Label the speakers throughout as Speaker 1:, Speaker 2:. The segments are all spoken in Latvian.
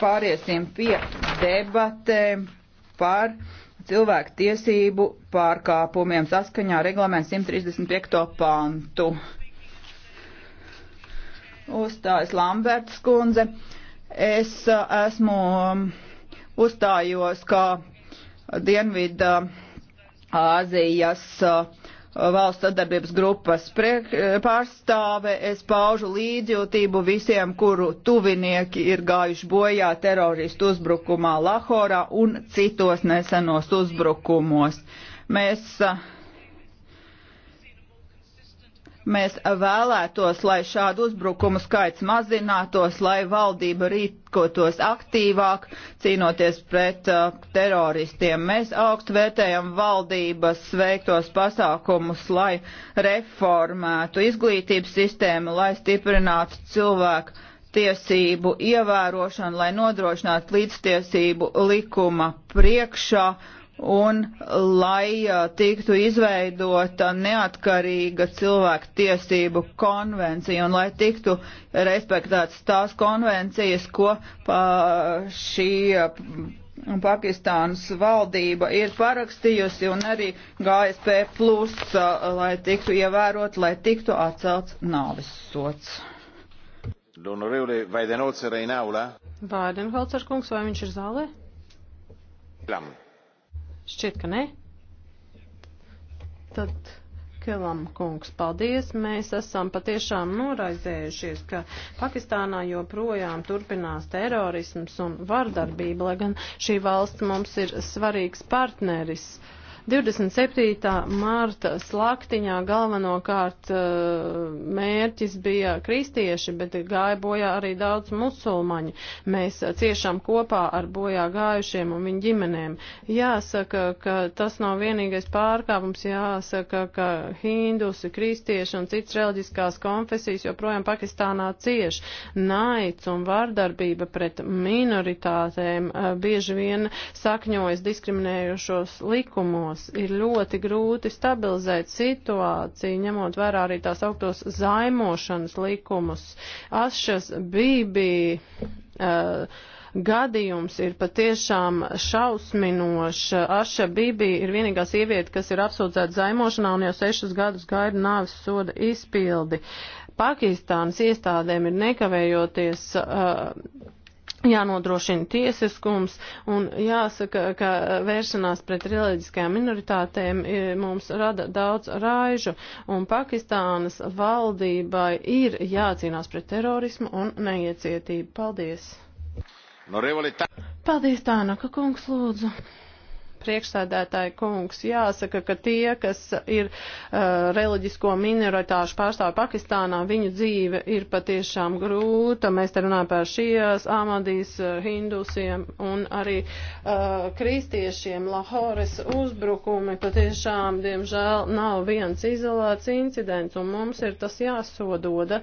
Speaker 1: pāriesim pie debatēm par cilvēku tiesību pārkāpumiem saskaņā reglamentu 135. pantu. Uzstājas Lamberts kundze. Es uh, esmu um, uzstājos kā Dienvidā Āzijas uh, valsts sadarbības grupas priek, pārstāve. Es paužu līdzjūtību visiem, kuru tuvinieki ir gājuši bojā teroristu uzbrukumā Lahorā un citos nesenos uzbrukumos. Mēs uh, Mēs vēlētos, lai šādu uzbrukumu skaits mazinātos, lai valdība rīkotos aktīvāk, cīnoties pret uh, teroristiem. Mēs augstu vērtējam valdības veiktos pasākumus, lai reformētu izglītības sistēmu, lai stiprinātu cilvēku tiesību ievērošanu, lai nodrošinātu līdztiesību likuma priekšā un lai uh, tiktu izveidota neatkarīga cilvēku tiesību konvencija un lai tiktu respektētas tās konvencijas, ko šī uh, Pakistānas valdība ir parakstījusi un arī GSP plus, uh, lai tiktu ievērot, lai tiktu atcelts
Speaker 2: nāvis sots.
Speaker 3: L'onorevole Vaidenholzer in aula?
Speaker 2: Vaidenholzer kungs, vai viņš ir zālē? Lam. Šķiet, ka ne. Tad Kelam kungs, paldies. Mēs esam patiešām noraizējušies, ka Pakistānā joprojām turpinās terorisms un vardarbība, lai gan šī valsts mums ir svarīgs partneris. Uh, 27. mārta slaktiņā galvenokārt eh, mērķis bija kristieši, bet gāja bojā arī daudz musulmaņu. Mēs ciešām kopā ar bojā gājušiem un viņu ģimenēm. Jāsaka, ka tas nav vienīgais pārkāpums. Jāsaka, ka hindusi, kristieši un citas reliģiskās konfesijas joprojām Pakistānā cieš. Naids un vardarbība pret minoritātēm eh, bieži vien sakņojas diskriminējošos likumos reģionos ir ļoti grūti stabilizēt situāciju, ņemot vērā arī tās augtos zaimošanas likumus. Asšas Bībī uh, gadījums ir patiešām šausminošs. Aša Bībī ir vienīgā sieviete, kas ir apsūdzēta zaimošanā un jau sešus gadus gaida nāves soda izpildi. Pakistānas iestādēm ir nekavējoties. Uh, jānodrošina tiesiskums un jāsaka, ka vēršanās pret reliģiskajām minoritātēm e, mums rada daudz raižu un Pakistānas valdībai ir jācīnās pret terorismu un neiecietību. Paldies! Paldies, Tānaka kungs, lūdzu! priekšsēdētāja kungs. Jāsaka, ka tie, kas ir uh, reliģisko minoritāšu pārstāvi Pakistānā, viņu dzīve ir patiešām grūta. Mēs te runājam par šijas, amadīs, uh, hindusiem un arī uh, kristiešiem. Lahores uzbrukumi patiešām, diemžēl, nav viens izolēts incidents, un mums ir tas jāsododa.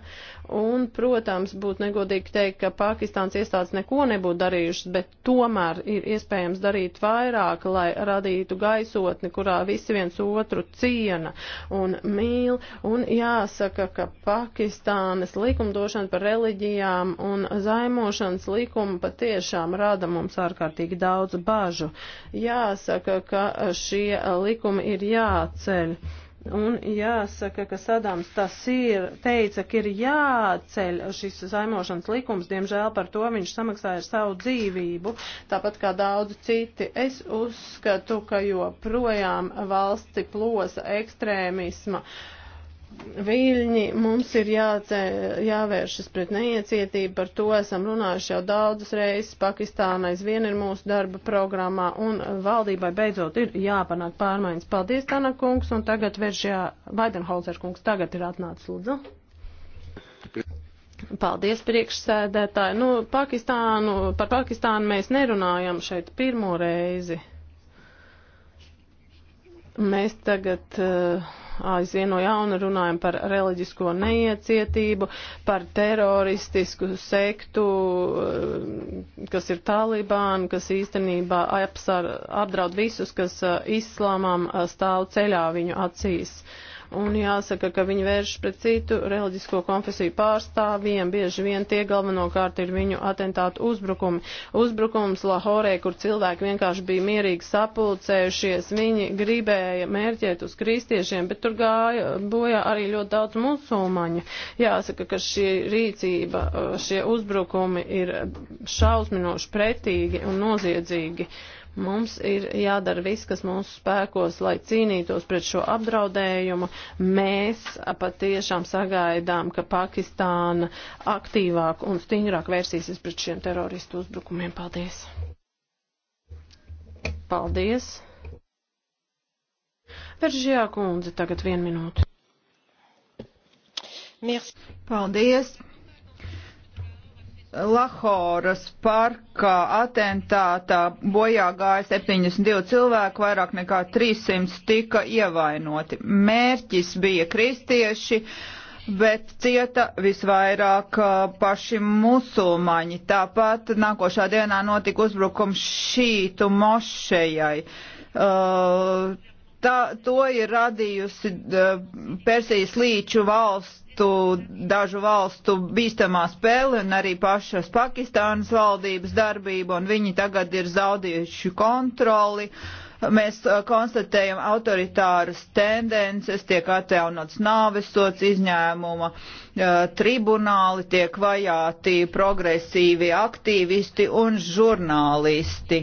Speaker 2: Un, protams, būtu negodīgi teikt, ka Pakistāns iestādes neko nebūtu darījušas, bet tomēr ir iespējams darīt vairāk, lai lai radītu gaisotni, kurā visi viens otru ciena un mīl. Un jāsaka, ka Pakistānas likumdošana par reliģijām un zaimošanas likumu patiešām rada mums ārkārtīgi daudz bažu. Jāsaka, ka šie likumi ir jāceļ. Un jāsaka, ka Sadams tas ir, teica, ka ir jāceļ šis zaimošanas likums, diemžēl par to viņš samaksāja ar savu dzīvību, tāpat kā daudzi citi. Es uzskatu, ka joprojām valsti plosa ekstrēmisma. Uh, viļņi, mums ir jāce, jāvēršas pret neiecietību, par to esam runājuši jau daudzas reizes, Pakistāna aizvien ir mūsu darba programmā, un valdībai beidzot ir jāpanāk pārmaiņas. Paldies, Tana kungs, un tagad veržjā Baidenholzer kungs, tagad ir atnācis lūdzu. Paldies, priekšsēdētāji. Nu, Pakistānu, par Pakistānu mēs nerunājam šeit pirmo reizi. Mēs tagad uh, aizvien no jauna runājam par reliģisko neiecietību, par teroristisku sektu, uh, kas ir talibāni, kas īstenībā apsar, apdraud visus, kas uh, islāmam uh, stāv ceļā viņu acīs. Uh, un jāsaka, ka viņi vērš pret citu reliģisko konfesiju pārstāvjiem, bieži vien tie galvenokārt ir viņu atentātu uzbrukumi. Uzbrukums Lahorē, kur cilvēki vienkārši bija mierīgi sapulcējušies, viņi gribēja mērķēt uz kristiešiem, bet tur gāja bojā arī ļoti daudz musulmaņu. Jāsaka, ka šī rīcība, šie uzbrukumi ir šausminoši pretīgi un noziedzīgi. Uh, Mums ir jādara viss, kas mūsu spēkos, lai cīnītos pret šo apdraudējumu. Mēs patiešām sagaidām, ka Pakistāna aktīvāk un stingrāk vērsīsies pret šiem teroristu uzbrukumiem. Paldies! Paldies! Veržijā kundze, tagad vienu minūtu. Paldies! Lahoras parkā
Speaker 1: atentātā bojā gāja 72 cilvēki, vairāk nekā 300 tika ievainoti. Mērķis bija kristieši, bet cieta visvairāk uh, paši musulmaņi. Tāpat nākošā dienā notika uzbrukums šītu mošejai. Uh, Tā, to ir radījusi Persijas līču valstu, dažu valstu bīstamā spēle un arī pašas Pakistānas valdības darbība, un viņi tagad ir zaudījuši kontroli. Mēs uh, konstatējam autoritāras tendences, tiek atjaunots nāvesots izņēmuma uh, tribunāli, tiek vajāti progresīvi aktīvisti un žurnālisti.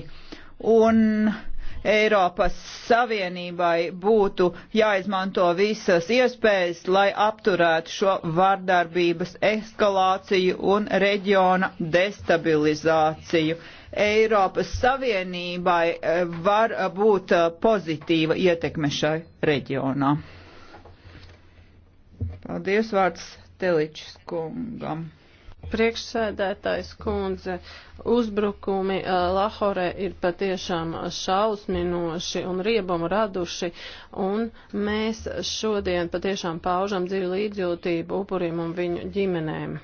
Speaker 1: Un, uh, Eiropas Savienībai būtu jāizmanto visas iespējas, lai apturētu šo vardarbības eskalāciju un reģiona destabilizāciju. Eiropas Savienībai e, var e, būt e, pozitīva ietekme šai reģionā.
Speaker 2: Paldies vārds Teličs kungam. Priekšsēdētājs kundze, uzbrukumi uh, Lahore ir patiešām šausminoši un riebumu raduši, un mēs šodien patiešām paužam dziļu līdzjūtību upuriem un viņu ģimenēm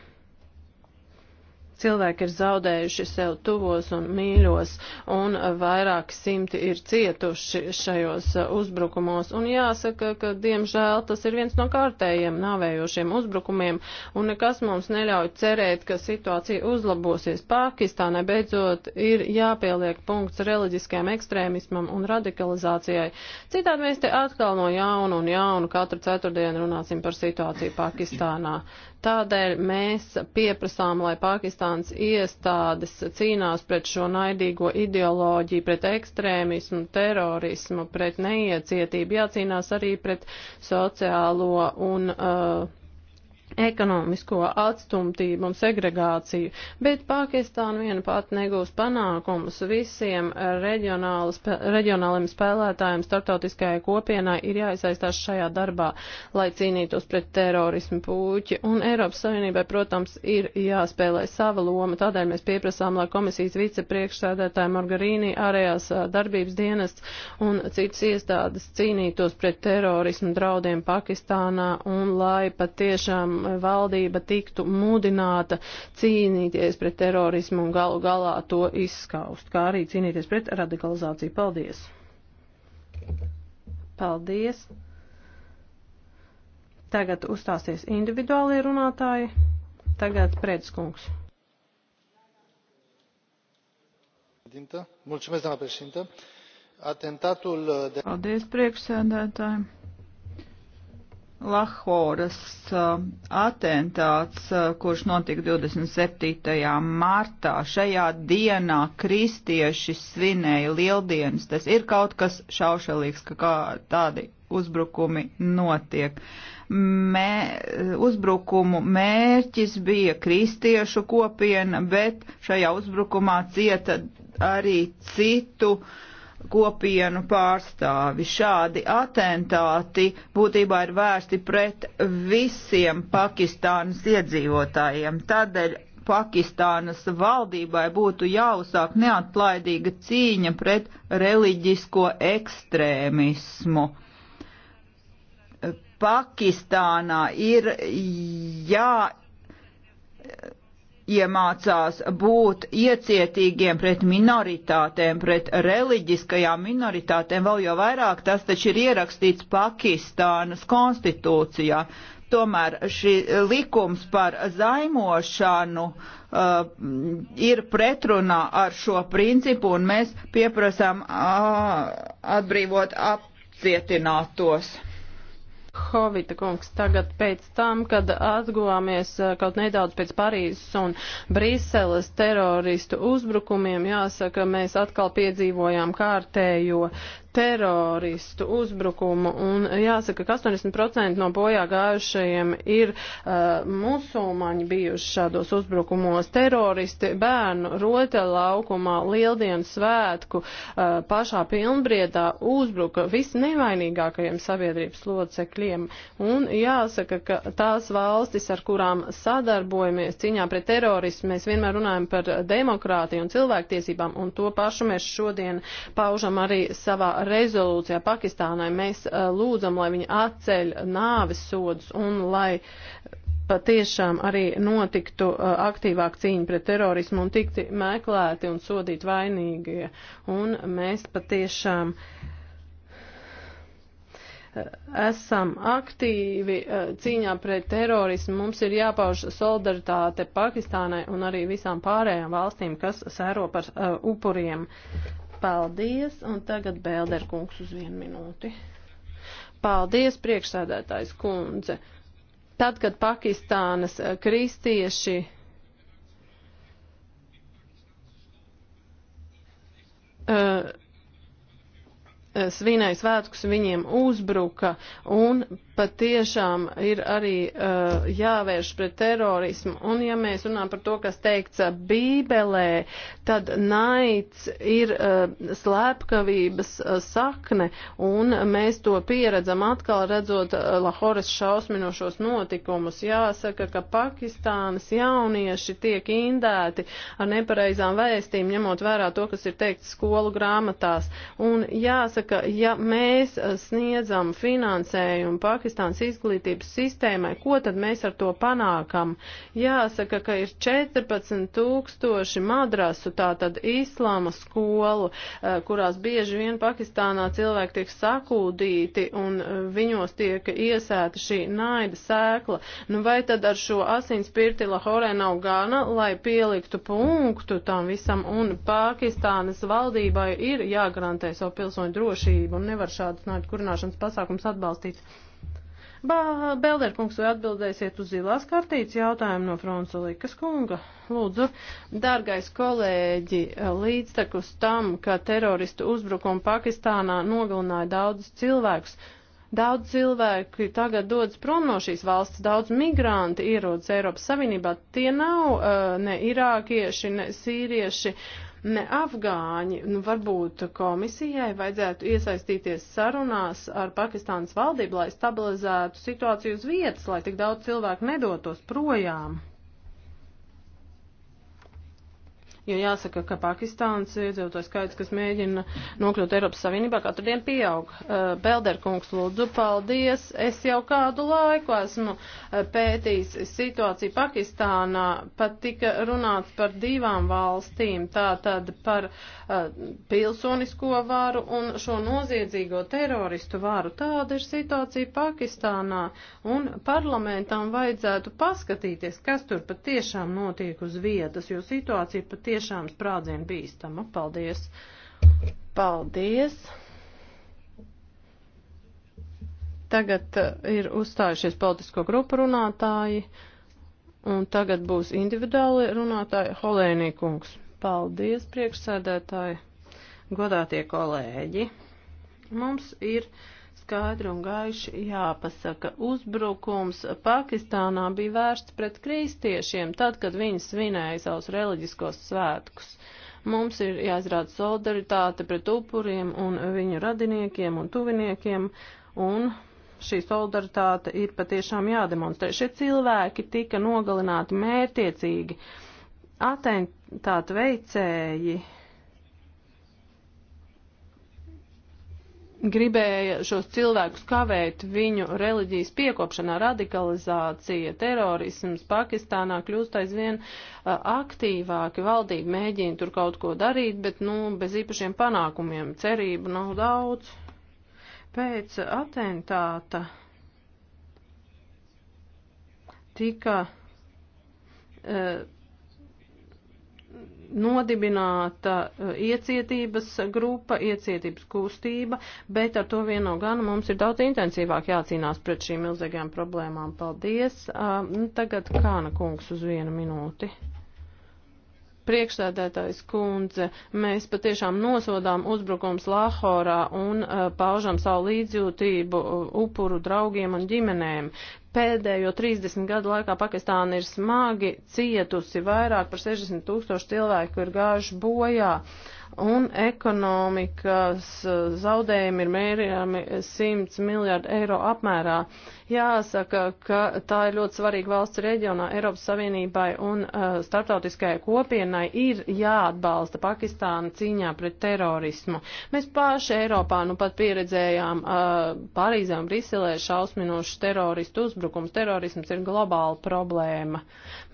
Speaker 2: cilvēki ir zaudējuši sev tuvos un mīļos, un vairāk simti ir cietuši šajos uh, uzbrukumos. Un jāsaka, ka diemžēl tas ir viens no kārtējiem nāvējošiem uzbrukumiem, un nekas mums neļauj cerēt, ka situācija uzlabosies. Pakistānai beidzot ir jāpieliek punkts reliģiskajam ekstrēmismam un radikalizācijai. Citādi mēs te atkal no jauna un jauna katru ceturtdienu runāsim par situāciju Pakistānā. Tādēļ mēs pieprasām, lai Pakistāns iestādes cīnās pret šo naidīgo ideoloģiju, pret ekstrēmismu, terorismu, pret neiecietību, jācīnās arī pret sociālo un. Uh, ekonomisko atstumtību un segregāciju, bet Pakistāna viena pati negūs panākumus. Visiem reģionāliem spēlētājiem startautiskajai kopienai ir jāizaistās šajā darbā, lai cīnītos pret terorismu pūķi, un Eiropas Savienībai, protams, ir jāspēlē sava loma. Tādēļ mēs pieprasām, lai komisijas vicepriekšsēdētāja Margarīni, ārējās darbības dienests un citas iestādes cīnītos pret terorismu draudiem Pakistānā un lai patiešām valdība tiktu mudināta cīnīties pret terorismu un galu galā to izskaust, kā arī cīnīties pret radikalizāciju. Paldies! Paldies! Tagad uzstāsies individuālie runātāji. Tagad pretskungs. Mulțumesc, doamna președintă. Atentatul de... Paldies,
Speaker 1: priekšsēdētāji. Lahoras uh, atentāts, uh, kurš notika 27. martā. Šajā dienā kristieši svinēja lieldienas. Tas ir kaut kas šaušalīgs, ka kā tādi uzbrukumi notiek. Mē, uzbrukumu mērķis bija kristiešu kopiena, bet šajā uzbrukumā cieta arī citu uh, kopienu pārstāvi. Šādi atentāti būtībā ir vērsti pret visiem Pakistānas iedzīvotājiem. Tādēļ Pakistānas valdībai būtu jāuzsāk neatlaidīga cīņa pret reliģisko ekstrēmismu. Pakistānā ir jā jāiemācās būt iecietīgiem pret minoritātēm, pret reliģiskajām minoritātēm, vēl jau vairāk tas taču ir ierakstīts Pakistānas konstitūcijā. Tomēr šī likums par zaimošanu uh, ir pretrunā ar šo principu, un mēs pieprasām uh, atbrīvot
Speaker 2: apcietinātos. Hovita kungs, tagad pēc tam, kad atguvāmies eh, kaut nedaudz pēc Parīzes un Briseles teroristu uzbrukumiem, jāsaka, mēs atkal piedzīvojām kārtējo teroristu uzbrukumu. Un jāsaka, ka 80% no bojā gājušajiem ir uh, musulmaņi bijuši šādos uzbrukumos. Teroristi bērnu rote laukumā lieldienu svētku uh, pašā pilnbriedā uzbruka visnevainīgākajiem sabiedrības locekļiem. Un jāsaka, ka tās valstis, ar kurām sadarbojamies cīņā pret terorismu, mēs vienmēr runājam par demokrātiju un cilvēktiesībām, un to pašu mēs šodien paužam arī savā rezolūcijā Pakistānai mēs lūdzam, lai viņi atceļ nāves sodus un lai patiešām arī notiktu aktīvāk cīņa pret terorismu un tikti meklēti un sodīti vainīgie. Un mēs patiešām esam aktīvi cīņā pret terorismu, mums ir jāpauž solidaritāte Pakistānai un arī visām pārējām valstīm, kas sēro par upuriem. Paldies, un tagad Bēlderkungs uz vienu minūti. Paldies, priekšsēdētājs kundze. Tad, kad Pakistānas eh, kristieši uh, svinēja svētkus, viņiem uzbruka un patiešām ir arī uh, jāvērš pret terorismu. Un ja mēs runājam par to, kas teikts eh, Bībelē, tad naids ir uh, slēpkavības uh, sakne un mēs to pieredzam atkal redzot uh, Lahoras šausminošos notikumus. Jāsaka, ka Pakistānas jaunieši tiek indēti ar nepareizām vēstīm, ņemot vērā to, kas ir teikts skolu grāmatās. Un jāsaka, Jāsaka, ja mēs eh, sniedzam finansējumu Pakistānas izglītības sistēmai, ko tad mēs ar to panākam? Jāsaka, ka ir 14 tūkstoši madrasu, tātad islāma skolu, eh, kurās bieži vien Pakistānā cilvēki tiek sakūdīti un eh, viņos tiek iesēta šī naida sēkla. Nu, vai tad ar šo asins pirti Lahorē nav gana, lai pieliktu punktu tam visam un Pakistānas valdībai ir jāgarantē savu pilsoņu drošību? drošību un nevar šādas nāļu kurināšanas pasākums atbalstīt. Bēlderkungs, vai atbildēsiet uz zilās kartītes jautājumu no Fronsolikas kunga? Lūdzu, dārgais kolēģi, līdztekus tam, ka teroristu uzbrukumu Pakistānā nogalināja daudzus cilvēkus, Daudz cilvēku tagad dodas prom no šīs valsts, daudz migranti ierodas Eiropas Savienībā. Tie nav uh, ne irākieši, ne sīrieši, ne afgāņi. Nu, varbūt komisijai vajadzētu iesaistīties sarunās ar Pakistānas valdību, lai stabilizētu situāciju uz vietas, lai tik daudz cilvēku nedotos projām. Jo jāsaka, ka Pakistāns iedzīvotāju skaits, kas mēģina nokļūt Eiropas Savienībā, katru dienu pieaug. Uh, Belderkungs, lūdzu, paldies. Es jau kādu laiku esmu uh, pētījis situāciju Pakistānā. Pat tika runāts par divām valstīm, tātad par uh, pilsonisko varu un šo noziedzīgo teroristu varu. Tāda ir situācija Pakistānā. Un parlamentam vajadzētu paskatīties, kas tur patiešām notiek uz vietas, jo situācija patiešām tiešām sprādzienu bīstama. Paldies! Paldies! Tagad uh, ir uzstājušies politisko grupu runātāji, un tagad būs individuāli runātāji Holēnī kungs. Paldies, priekšsēdētāji, godātie kolēģi. Mums ir skaidri un gaiši jāpasaka. Uzbrukums Pakistānā bija vērsts pret kristiešiem, tad, kad viņi svinēja savus reliģiskos svētkus. Mums ir jāizrāda solidaritāte pret upuriem un viņu radiniekiem un tuviniekiem, un šī solidaritāte ir patiešām jādemonstrē. Šie cilvēki tika nogalināti mērtiecīgi. Atentātu veicēji gribēja šos cilvēkus kavēt viņu reliģijas piekopšanā, radikalizācija, terorisms Pakistānā kļūst aizvien aktīvāki, valdība mēģina tur kaut ko darīt, bet, nu, bez īpašiem panākumiem, cerību nav daudz. Pēc atentāta tika. Uh, nodibināta eh, iecietības grupa, iecietības kustība, bet ar to vien nav gana. Mums ir daudz intensīvāk jācīnās pret šīm milzīgajām problēmām. Paldies. Eh, nu, tagad Kāna kungs uz vienu minūti. Priekšsēdētājs kundze, mēs patiešām nosodām uzbrukums Lahorā un uh, paužam savu līdzjūtību upuru draugiem un ģimenēm pēdējo 30 gadu laikā Pakistāna ir smagi cietusi, vairāk par 60 tūkstoši cilvēku ir gājuši bojā. Uh, un ekonomikas eh, zaudējumi ir mērījami 100 miljārdu eiro apmērā. Jāsaka, ka tā ir ļoti svarīga valsts reģionā Eiropas Savienībai un uh, starptautiskajai kopienai ir jāatbalsta Pakistāna cīņā pret terorismu. Mēs paši Eiropā nu pat pieredzējām uh, Parīzē un Briselē šausminošus teroristu uzbrukums. Terorisms ir globāla problēma.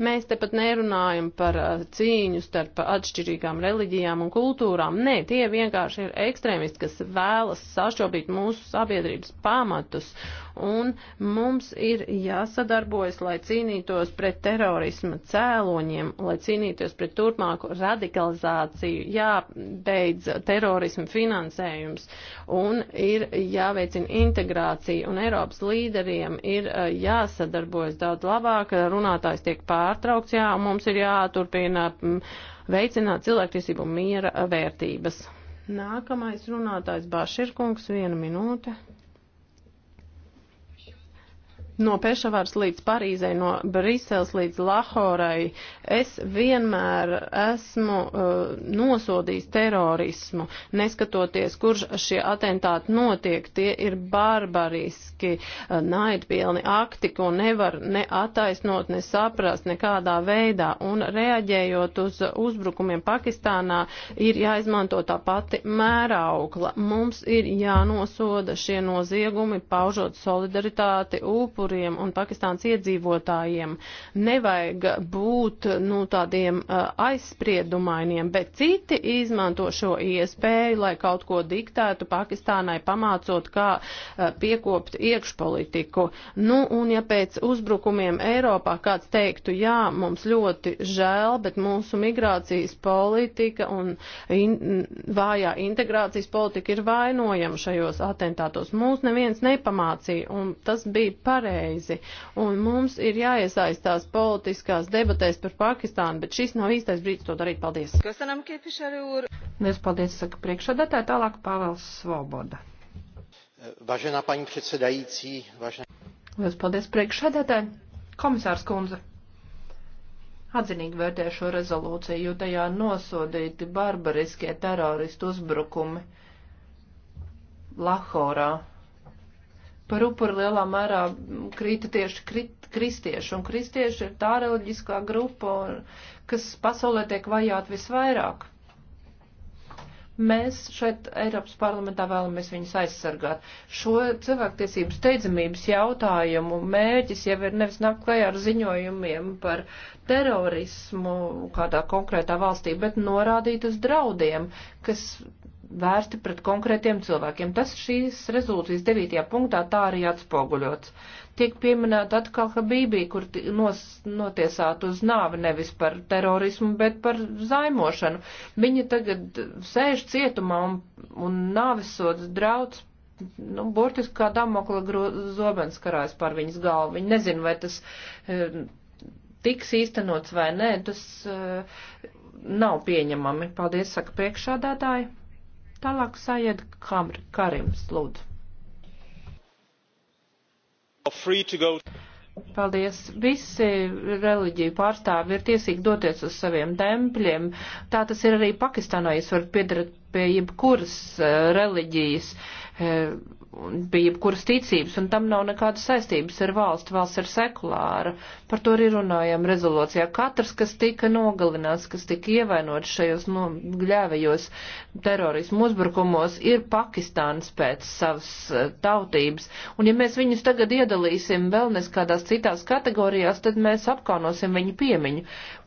Speaker 2: Mēs tepat nerunājam par uh, cīņu starp atšķirīgām reliģijām un kultūrām struktūrām. Nē, tie vienkārši ir ekstrēmisti, kas vēlas sašķobīt mūsu sabiedrības pamatus. Un mums ir jāsadarbojas, lai cīnītos pret terorisma cēloņiem, lai cīnītos pret turpmāku radikalizāciju, jābeidz terorisma finansējums un ir jāveicina integrācija. Un Eiropas līderiem ir eh, jāsadarbojas daudz labāk, runātājs tiek pārtraukts, jā, un mums ir jāturpina. Mm, veicināt cilvēktiesību un miera vērtības. Nākamais runātājs Baširkungs, viena minūte no Pešavāras līdz Parīzei, no Briseles līdz Lahorai, es vienmēr esmu uh, nosodījis terorismu, neskatoties, kurš šie atentāti notiek, tie ir barbariski, uh, naidpilni akti, ko nevar ne attaisnot, ne saprast nekādā veidā, un reaģējot uz uzbrukumiem Pakistānā, ir jāizmanto tā pati mēraukla. Mums ir jānosoda šie noziegumi, paužot solidaritāti, upu, upuriem un Pakistāns iedzīvotājiem nevajag būt nu, tādiem aizspriedumainiem, bet citi izmanto šo iespēju, lai kaut ko diktētu Pakistānai, pamācot, kā piekopt iekšpolitiku. Nu, un ja pēc uzbrukumiem Eiropā kāds teiktu, jā, mums ļoti žēl, bet mūsu migrācijas politika un in, vājā integrācijas politika ir vainojama šajos atentātos. Mūs neviens nepamācīja, un tas bija pareizi pareizi, un mums ir jāiesaistās politiskās debatēs par Pakistānu, bet šis nav īstais brīdis to darīt. Paldies! Liels paldies, saka priekšsādātāja, tālāk Pāvels Svoboda.
Speaker 3: Važenā paņa predsedājīcī, važenā. Liels paldies, priekšsādātāja, komisārs kundze atzinīgi vērtē šo rezolūciju, jo tajā nosodīti barbariskie teroristu uzbrukumi Lahorā par upuru lielā mērā krita tieši krit, kristieši, un kristieši ir tā reliģiskā grupa, kas pasaulē tiek vajāt visvairāk. Mēs šeit Eiropas parlamentā vēlamies viņus aizsargāt. Šo cilvēktiesības steidzamības jautājumu mērķis jau ir nevis nākt klajā ar ziņojumiem par terorismu kādā konkrētā valstī, bet norādīt uz draudiem, kas vērsti pret konkrētiem cilvēkiem. Tas šīs rezolūcijas 9. punktā tā arī atspoguļots. Tiek pieminēta atkal Habībī, kur nos, notiesāt uz nāvi nevis par terorismu, bet par zaimošanu. Viņa tagad sēž cietumā un, un nāvisots drauds, nu, burtiski kā Damokla zobens karājas par viņas galvu. Viņa nezin, vai tas e, tiks īstenots vai nē, tas e, nav pieņemami. Paldies, saka priekšādātāji. Tālāk Sajed Kamr, Karims, lūdzu. Paldies. Visi reliģiju pārstāvi ir tiesīgi doties uz saviem tempļiem. Tā tas ir arī Pakistānā. Jūs varat piedarīt pie jebkuras uh, reliģijas. Uh, bija jebkuras ticības, un tam nav nekādas saistības ar valsts, valsts ir sekulāra. Par to arī runājām rezolūcijā. Katrs, kas tika nogalināts, kas tika ievainots šajos no, gļēvajos terorismu uzbrukumos, ir Pakistāns pēc savas eh, tautības, un ja mēs viņus tagad iedalīsim vēl nes kādās citās kategorijās, tad mēs apkaunosim viņu piemiņu.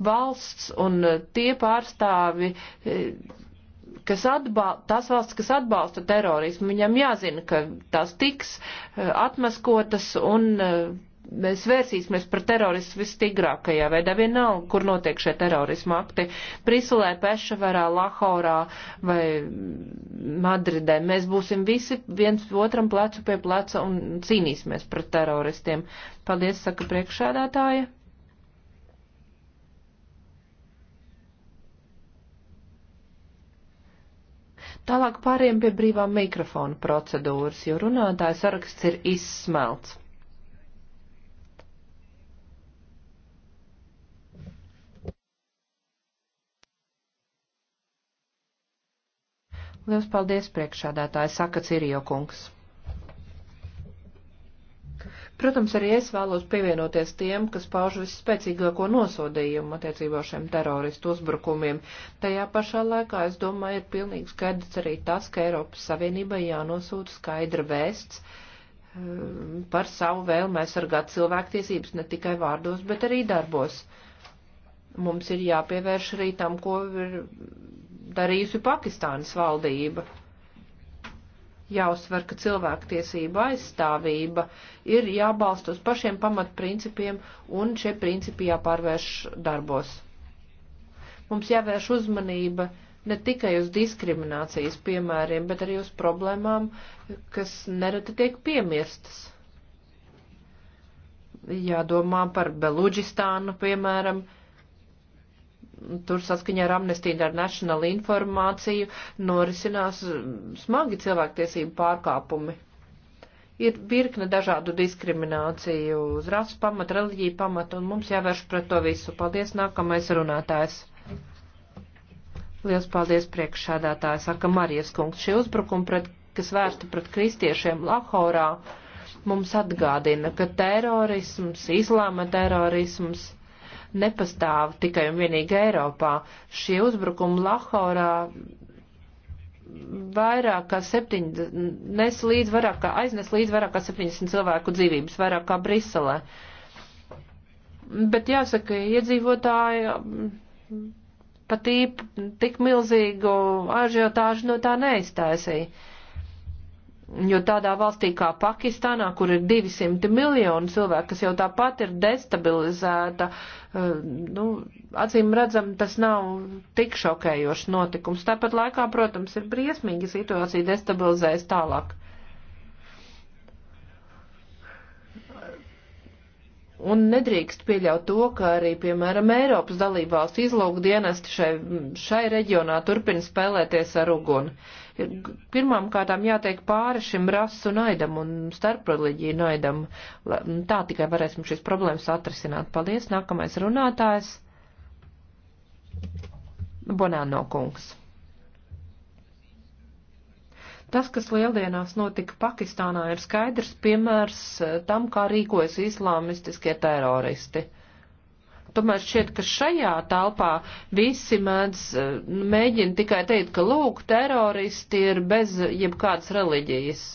Speaker 3: Valsts un eh, tie pārstāvi eh, kas atbalsta, tās valsts, kas atbalsta terorismu, viņam jāzina, ka tās tiks eh, atmaskotas un eh, mēs vērsīsimies par teroristu visstigrākajā veidā, vienalga, kur notiek šie terorismu akti - Briselē, Pešavarā, Lahorā vai Madridē. Mēs būsim visi viens otram plecu pie pleca un cīnīsimies pret teroristiem. Paldies, saka priekšsēdētāja. Tālāk pāriem pie brīvā mikrofona procedūras, jo runātājs saraksts ir izsmelts. Liels paldies priekšādātāji, saka Cirijo kungs. Protams, arī es vēlos pievienoties tiem, kas pauž visspēcīgāko nosodījumu attiecībā šiem teroristu uzbrukumiem. Tajā pašā laikā, es domāju, ir pilnīgi skaidrs arī tas, ka Eiropas Savienībai jānosūta skaidra vēsts um, par savu vēlmē sargāt cilvēktiesības ne tikai vārdos, bet arī darbos. Mums ir jāpievērš arī tam, ko ir darījusi Pakistānas valdība jāuzsver, ka cilvēktiesība aizstāvība ir jābalst uz pašiem pamatprincipiem un šie principi jāpārvērš darbos. Mums jāvērš uzmanība ne tikai uz diskriminācijas piemēriem, bet arī uz problēmām, kas nereti tiek piemirstas. Jādomā par Beluģistānu, piemēram, Tur saskaņā ar Amnesty International informāciju norisinās smagi cilvēktiesību pārkāpumi. Ir virkne dažādu diskrimināciju uz rasu pamatu, reliģiju pamatu, un mums jāvērš pret to visu. Paldies, nākamais runātājs. Liels paldies priekšsādātāja, saka Marijas kungs. Šie uzbrukumi, pret, kas vērsti pret kristiešiem Lahorā, mums atgādina, ka terorisms, islāma terorisms nepastāv tikai un vienīgi Eiropā. Šie uzbrukumi Lahorā vairāk kā 7, nes līdz vairāk kā, aiznes līdz vairāk kā 70 cilvēku dzīvības, vairāk kā Briselē. Bet jāsaka, iedzīvotāji pat īp tik milzīgu ažiotāžu no tā neiztaisīja. Jo tādā valstī kā Pakistānā, kur ir 200 miljoni cilvēku, kas jau tāpat ir destabilizēta, eh, nu, acīm redzam, tas nav tik šokējošs notikums. Tāpat laikā, protams, ir briesmīga situācija destabilizējas tālāk. Un nedrīkst pieļaut to, ka arī, piemēram, Eiropas dalībvalstu izlūkdienesti šai, šai reģionā turpina spēlēties ar uguni. Uh, Pirmām kārtām jātiek pāri šim rasu naidam un starpreliģiju naidam. Nu, tā tikai varēsim šīs problēmas atrisināt. Paldies. Nākamais runātājs. Bonāno kungs. Tas, kas lieldienās notika Pakistānā, ir skaidrs piemērs eh, tam, kā rīkojas islāmistiskie teroristi tomēr šķiet, ka šajā telpā visi mēdz, eh, mēģina tikai teikt, ka lūk, teroristi ir bez jebkādas reliģijas.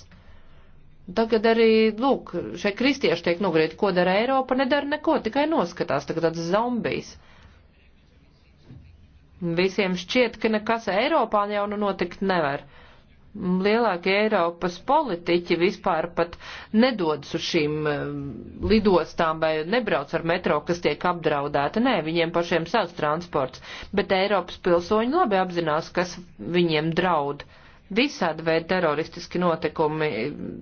Speaker 3: Tagad arī, lūk, šie kristieši tiek nogriezt, ko dara Eiropa, nedara neko, tikai noskatās, tagad tāds zombijs. Visiem šķiet, ka nekas Eiropā jau nu notikt nevar lielākie Eiropas politiķi vispār pat nedodas uz šīm um, lidostām vai nebrauc ar metro, kas tiek apdraudēta. Nē, viņiem pašiem savs transports, bet Eiropas pilsoņi labi apzinās, kas viņiem draud. Visādi veidi teroristiski notikumi um,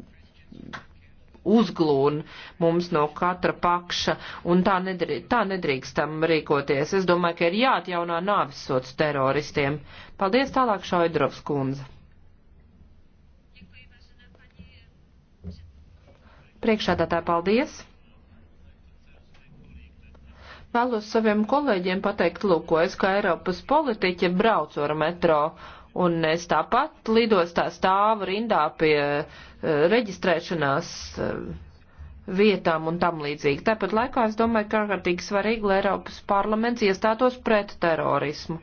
Speaker 3: uzglūn mums no katra pakša, un tā, nedrī, tā nedrīkstam rīkoties. Es domāju, ka ir jāatjaunā nāvisots teroristiem. Paldies tālāk, Šaidrovs kundze. Priekšādātāji, paldies! Vēlos saviem kolēģiem pateikt, lūk, es kā Eiropas politiķe braucu ar metro, un es tāpat lidostā stāvu rindā pie uh, reģistrēšanās uh, vietām un tam līdzīgi. Tāpat laikā es domāju, ka ārkārtīgi svarīgi, lai Eiropas parlaments iestātos pret terorismu.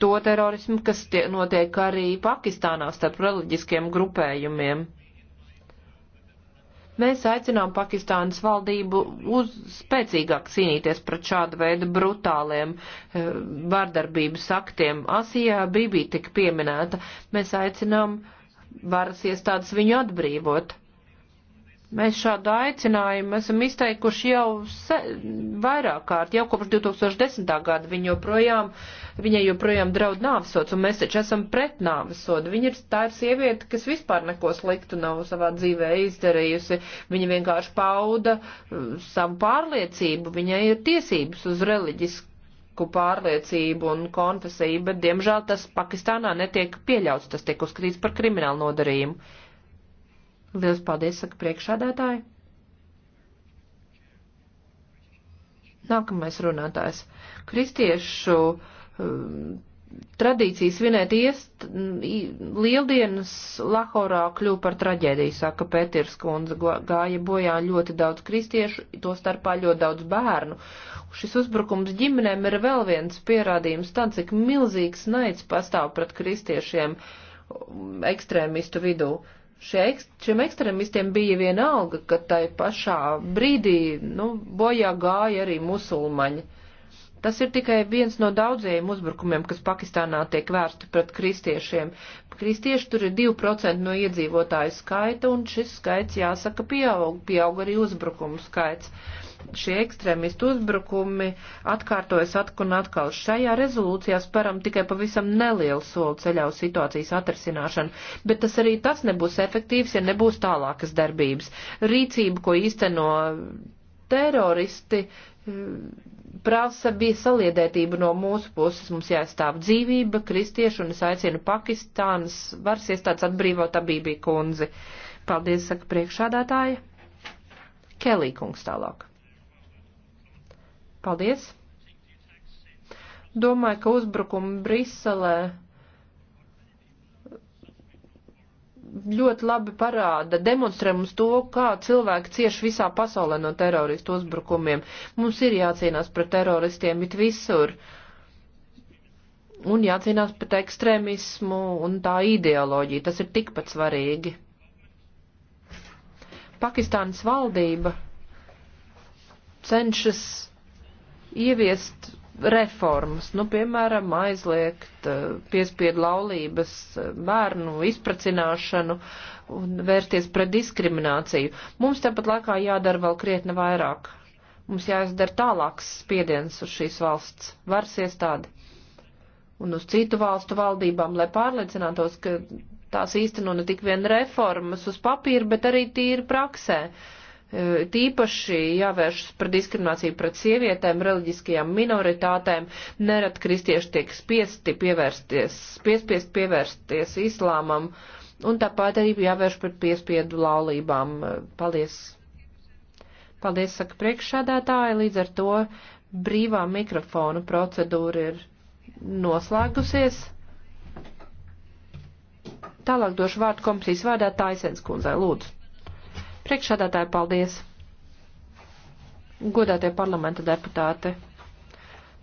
Speaker 3: To terorismu, kas tie, notiek arī Pakistānā starp reliģiskiem grupējumiem. Mēs aicinām Pakistānas valdību uz spēcīgāk cīnīties pret šādu veidu brutāliem e, vardarbības aktiem. Asijā Bībī tika pieminēta. Mēs aicinām varas iestādes viņu atbrīvot Mēs šādu aicinājumu esam izteikuši jau se, vairāk kārt, jau kopš 2010. gada viņa joprojām, viņai joprojām draud nāvisots, un mēs taču esam pret nāvisodu. Viņa ir tā ir sieviete, kas vispār neko sliktu nav savā dzīvē izdarījusi, viņa vienkārši pauda uh, savu pārliecību, viņai ir tiesības uz reliģisku pārliecību un konfesiju, bet diemžēl tas Pakistānā netiek pieļauts, tas tiek uzskatīts par kriminālu nodarījumu. Liels paldies, saka priekšādētāji. Nākamais runātājs. Kristiešu um, tradīcijas svinēt iest lieldienas Lahorā kļūpa par traģēdiju, saka Pēters kundze, gāja bojā ļoti daudz kristiešu, to starpā ļoti daudz bērnu. Šis uzbrukums ģimenēm ir vēl viens pierādījums tam, cik milzīgs naids pastāv pret kristiešiem um, ekstrēmistu vidū. Šie, šiem ekstremistiem bija viena alga, ka tai pašā brīdī, nu, bojā gāja arī musulmaņi. Tas ir tikai viens no daudzajiem uzbrukumiem, kas Pakistānā tiek vērsti pret kristiešiem. Kristieši tur ir 2% no iedzīvotāju skaita, un šis skaits, jāsaka, pieaug, pieaug arī uzbrukumu skaits. Uh, šie ekstrēmistu uzbrukumi atkārtojas atkal un atkal. Šajā rezolūcijā speram tikai pavisam nelielu soli ceļā uz situācijas atrisināšanu, bet tas arī tas nebūs efektīvs, ja nebūs tālākas darbības. Rīcība, ko īsteno teroristi, prasa bija saliedētība no mūsu puses. Mums jāstāv dzīvība, kristieši, un es aicinu Pakistānas varas iestādes atbrīvot abībī kundzi. Paldies, saka priekšādātāja. Kelī kungs tālāk. Paldies! Domāju, ka uzbrukumi Briselē ļoti labi parāda, demonstrē mums to, kā cilvēki cieši visā pasaulē no teroristu uzbrukumiem. Mums ir jācīnās pret teroristiem it visur. Un jācīnās pret ekstrēmismu un tā ideoloģiju. Tas ir tikpat svarīgi. Pakistānas valdība cenšas ieviest reformas, nu, piemēram, aizliegt eh, piespiedu laulības, eh, bērnu izpracināšanu un vērsties pret diskrimināciju. Mums tāpat laikā jādara vēl krietni vairāk. Mums jāizdara tālāks spiediens uz šīs valsts varas iestādi un uz citu valstu valdībām, lai pārliecinātos, ka tās īsteno ne tik vien reformas uz papīra, bet arī tīri praksē. Uh, E, tīpaši jāvēršas par diskrimināciju pret sievietēm, reliģiskajām minoritātēm, nerad kristieši tiek spiesti pievērsties, piespiest pievērsties islāmam, un tāpat arī jāvērš par piespiedu laulībām. E, paldies! Paldies, saka priekšsādātāji, līdz ar to brīvā mikrofona procedūra ir noslēgusies. Tālāk došu vārdu komisijas vārdā Taisens kundzei, lūdzu. Priekšādātāji, paldies! Godātie parlamenta deputāti!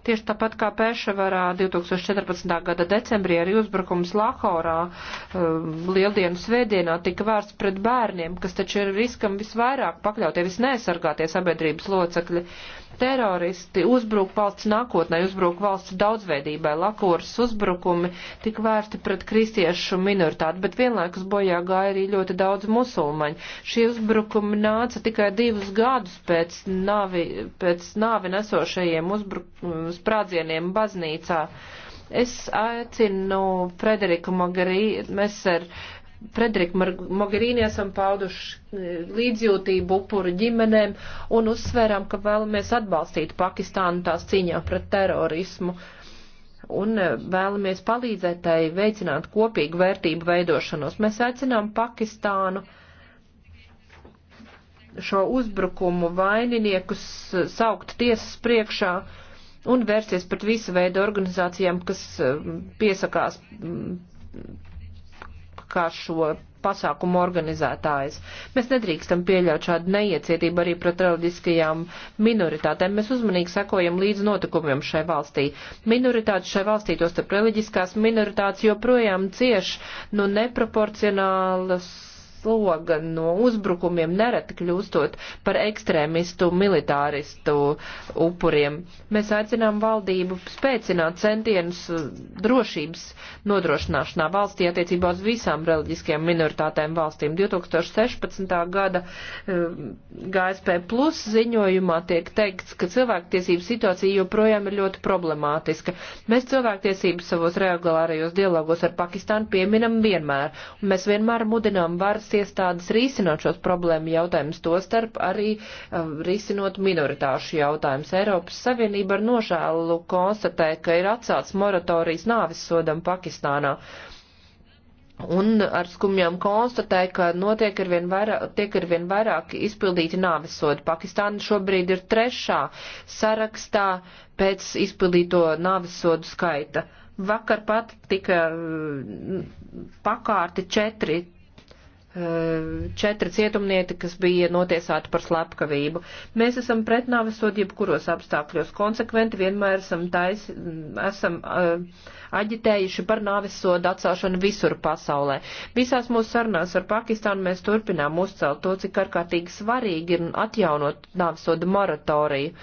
Speaker 3: Tieši tāpat kā Pēšavarā 2014. gada decembrī arī uzbrukums Lahorā um, lieldienu svētdienā tika vērsts pret bērniem, kas taču ir riskam visvairāk pakļautie, visneaizsargātie sabiedrības locekļi. Teroristi uzbruk valsts nākotnē, uzbruk valsts daudzveidībai, lakūras uzbrukumi tika vērsti pret kristiešu minoritāti, bet vienlaikus bojā gāja arī ļoti daudz musulmaņu. Šie uzbrukumi nāca tikai divus gadus pēc nāvi, pēc nāvi nesošajiem uzbrukumiem sprādzieniem baznīcā. Es aicinu Frederiku Mogherini, mēs ar Frederiku Mogherini esam pauduši e, līdzjūtību upuru ģimenēm un uzsvērām, ka vēlamies atbalstīt Pakistānu tās cīņā pret terorismu un e, vēlamies palīdzēt tai veicināt kopīgu vērtību veidošanos. Mēs aicinām Pakistānu šo uzbrukumu vaininiekus saukt tiesas priekšā un vērsties pret visu veidu organizācijām, kas eh, piesakās mm, kā šo pasākumu organizētājs. Mēs nedrīkstam pieļaut šādu neiecietību arī pret reliģiskajām minoritātēm. Mēs uzmanīgi sekojam līdz notikumiem šai valstī. Minoritātes šai valstī, tos starp reliģiskās minoritātes, joprojām cieš no nu, neproporcionālas sloga no uzbrukumiem nereti kļūstot par ekstrēmistu, militāristu upuriem. Mēs aicinām valdību spēcināt centienus uh, drošības nodrošināšanā valstī attiecībā uz visām reliģiskajām minoritātēm valstīm. 2016. gada uh, GSP plus ziņojumā tiek teikts, ka cilvēktiesību situācija joprojām ir ļoti problemātiska. Mēs cilvēktiesības savos regulārajos dialogos ar Pakistānu pieminam vienmēr, un mēs vienmēr mudinām varas varas iestādes risinot šos problēmu jautājumus, to starp arī um, risinot minoritāšu jautājumus. Eiropas Savienība ar nožēlu konstatē, ka ir atcelts moratorijas nāvis sodam Pakistānā. Un ar skumjām konstatēja, ka notiek ar vien vairāk, tiek ar vien vairāk izpildīti nāvesodi. Pakistāna šobrīd ir trešā sarakstā pēc izpildīto nāvesodu skaita. Vakar pat tika mm, pakārti četri četri cietumnieki, kas bija notiesāti par slepkavību. Mēs esam pret nāvesod jebkuros apstākļos. Konsekventi vienmēr esam, tais, esam uh, aģitējuši par nāvesodu atcelšanu visur pasaulē. Visās mūsu sarunās ar Pakistānu mēs turpinām uzcelt to, cik ārkārtīgi svarīgi ir atjaunot nāvesodu moratoriju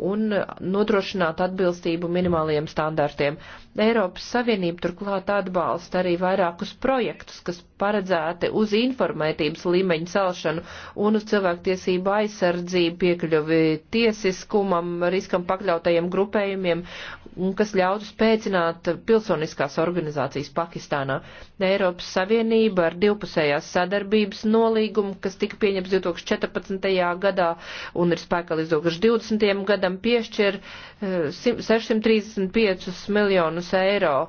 Speaker 3: un nodrošināt atbilstību minimāliem standartiem. Eiropas Savienība turklāt atbalsta arī vairākus projektus, kas paredzēti uz informētības līmeņu celšanu un uz cilvēktiesību aizsardzību piekļuvi tiesiskumam, riskam pakļautajiem grupējumiem, kas ļautu spēcināt pilsoniskās organizācijas Pakistānā. Eiropas Savienība ar divpusējās sadarbības nolīgumu, kas tika pieņemts 2014. gadā un ir spēkā līdz 2020. gadā, gadam piešķir 635 eh, miljonus eiro,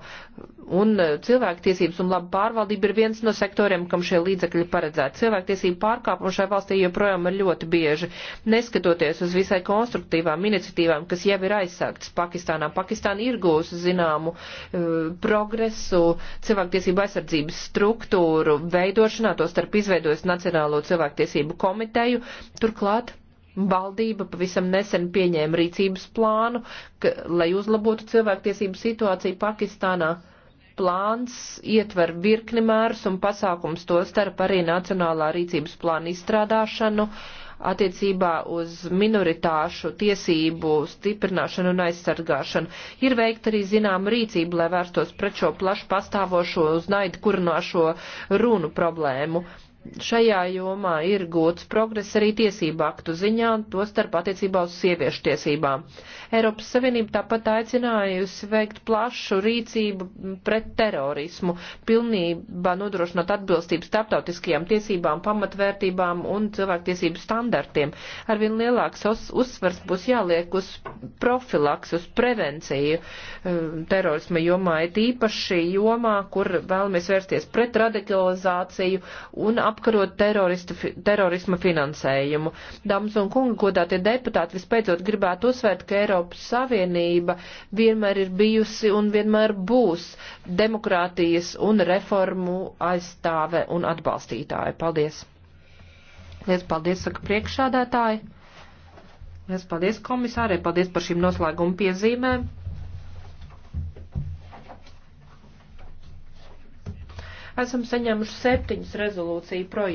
Speaker 3: un eh, cilvēktiesības un laba pārvaldība ir viens no sektoriem, kam šie līdzekļi paredzēti. Cilvēktiesību pārkāpumi šai valstī joprojām ir ļoti bieži, neskatoties uz visai konstruktīvām iniciatīvām, kas jau ir aizsāktas Pakistānā. Pakistāna ir gūsi zināmu eh, progresu cilvēktiesību aizsardzības struktūru veidošanā, to starp izveidojas Nacionālo cilvēktiesību komiteju. Turklāt Valdība pavisam nesen pieņēma rīcības plānu, ka, lai uzlabotu cilvēktiesību situāciju Pakistānā. Plāns ietver virkni mērus un pasākums to starp arī Nacionālā rīcības plāna izstrādāšanu attiecībā uz minoritāšu tiesību stiprināšanu un aizsargāšanu. Ir veikta arī zināma rīcība, lai vērstos pret šo plašu pastāvošo uz naidu kurinošo runu problēmu. Uh, šajā jomā ir gūts progress arī tiesību aktu ziņā, to starp attiecībā uz sieviešu tiesībām. Eiropas Savienība tāpat aicinājusi veikt plašu rīcību pret terorismu, pilnībā nodrošinot atbilstību starptautiskajām tiesībām, pamatvērtībām un cilvēktiesību standartiem. Arvien lielāks uzsvars būs jāliek uz profilaks, uz prevenciju um, terorisma jomā, it īpaši jomā, kur vēlamies vērsties pret radikalizāciju un apstākļu apkarot terorisma finansējumu. Dāmas un kungi, godātie deputāti, vispēcot gribētu uzsvērt, ka Eiropas Savienība vienmēr ir bijusi un vienmēr būs demokrātijas un reformu aizstāve un atbalstītāja. Paldies! Liels paldies, saka priekšādātāji! Liels paldies komisārē, paldies par šīm noslēguma piezīmēm! Esam saņēmuši septiņus rezolūciju projektu.